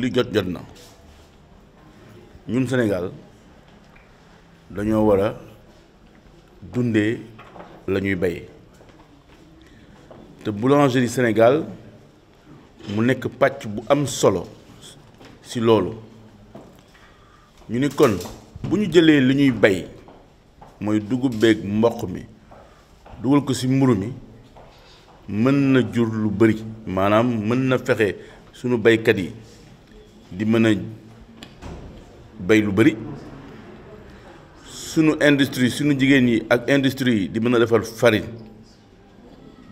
li jot jot na ñun Sénégal dañu wara dundé lañuy la ñuy bay te boulangerie Sénégal mu nekk patch bu am solo ci lolu ñu ni kon buñu jëlé liñuy li ñuy bay mooy dugub beeg mboq mi dugul ko ci mburu mi mën na jur lu bari manam mën na fexé suñu baykat yi di mën a bay lu bëri sunu industrie sunu jigéen yi ak industrie yi di mën a defar farine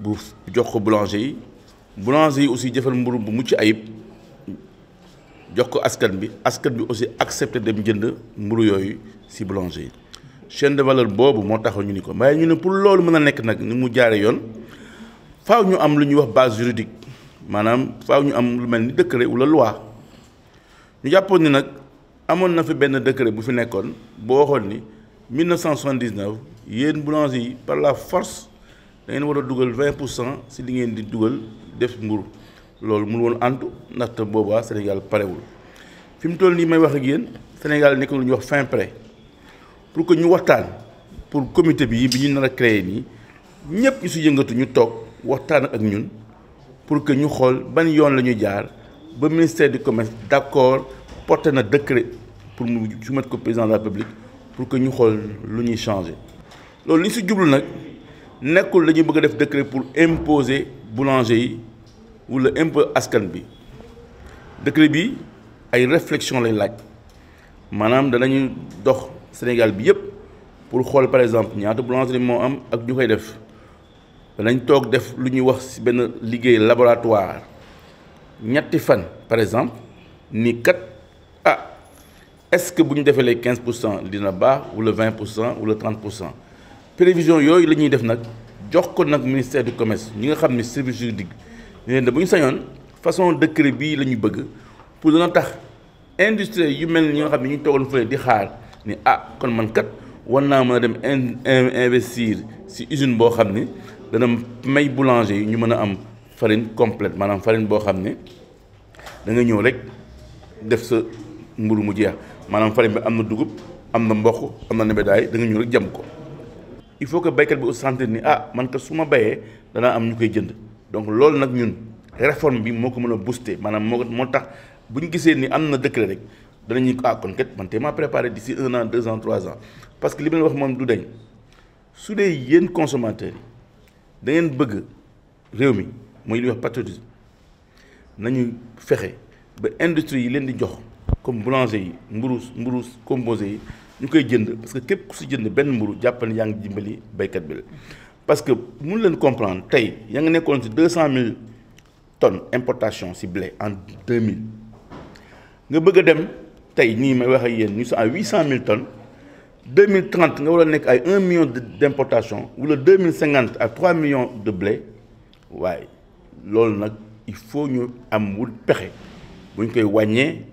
bu jox ko boulanger yi boulanger yi aussi jëfal mburu bu mucc ayib jox ko askan bi askan bi aussi accepté dem jënd mburu yooyu ci boulanger yi chaîne de valeur boobu moo taxaw ñu ni ko waaye ñu ne pour loolu mën a nekk nag ni mu jaare yoon faw ñu am lu ñuy wax base juridique maanaam faw ñu am lu mel ni décret walla loi ñu jàppoon ni nag amoon na fi benn décret bu fi nekkoon boo waxoon ni 1979 yéen boulanger yi par la force da ngeen war a dugal 20 si li ngeen di dugal def mburu loolu mënu woon antu ndaxte boobaa Sénégal parewul fi mu toll nii may wax ak yéen Sénégal nekk ñu wax fin prêt pour que ñu waxtaan pour comité bi bi ñu nar a créé nii ñëpp ñu si yëngatu ñu toog waxtaan ak ñun pour que ñu xool ban yoon la ñuy jaar le ministère du commerce d'accord porter un décret pour nous mettre au président de la République pour que nous puissions nous changer. changé ce qui ñu si jublu nag nekkul décret pour imposer Boulangerie ou wala impo askan bi décret a une réflexion lay nous maanaam danañu au Sénégal pour voir par exemple que boulangerie a am ak ñu le def def laboratoire ñetti fan par exemple ni ah, est-ce que vous avez les 15% ou dina ou prévision yoy def jox ministère du commerce ñi nga service juridique façon de créer lañuy pour industrie yu mel ñi nga ni ah investir si usine bo boulanger farine complète maanaam farine boo xam ne da ñëw rek def sa mburu mu jeex maanaam farine bi am na dugub am na mboq am na nebedaay da nga ñëw rek jam ko il faut que baykat bi aussi sentir ni ah man kat su ma bayee danaa am ñu koy jënd donc loolu nag ñun réforme bi moo ko mën a booster maanaam moo moo tax bu ñu gisee ni am na décret rek danañu ah kon kat man te maa préparé d'ici un an deux ans trois ans parce que li ma wax moom du dañ su dee yéen consommateurs yi bëgg réew mi. moy li wax pas de... fexé ba industrie yi des di jox comme boulanger yi mburus mburus composé yi jënd parce que képp ku si jënd mburu dimbali baykat parce que pour leen comprendre tey ya nga 200 000 tonnes importation si blé en 2000 nous bëgg dem tey à 800 000 tonnes 2030 nous avons a ay 1 million d'importation wala 2050 à 3 millions de blé Oui lol nak il faut ñu am wut que nous koy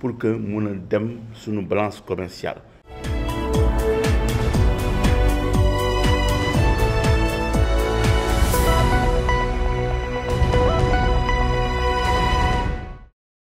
pour que nous a dem suñu balance commerciale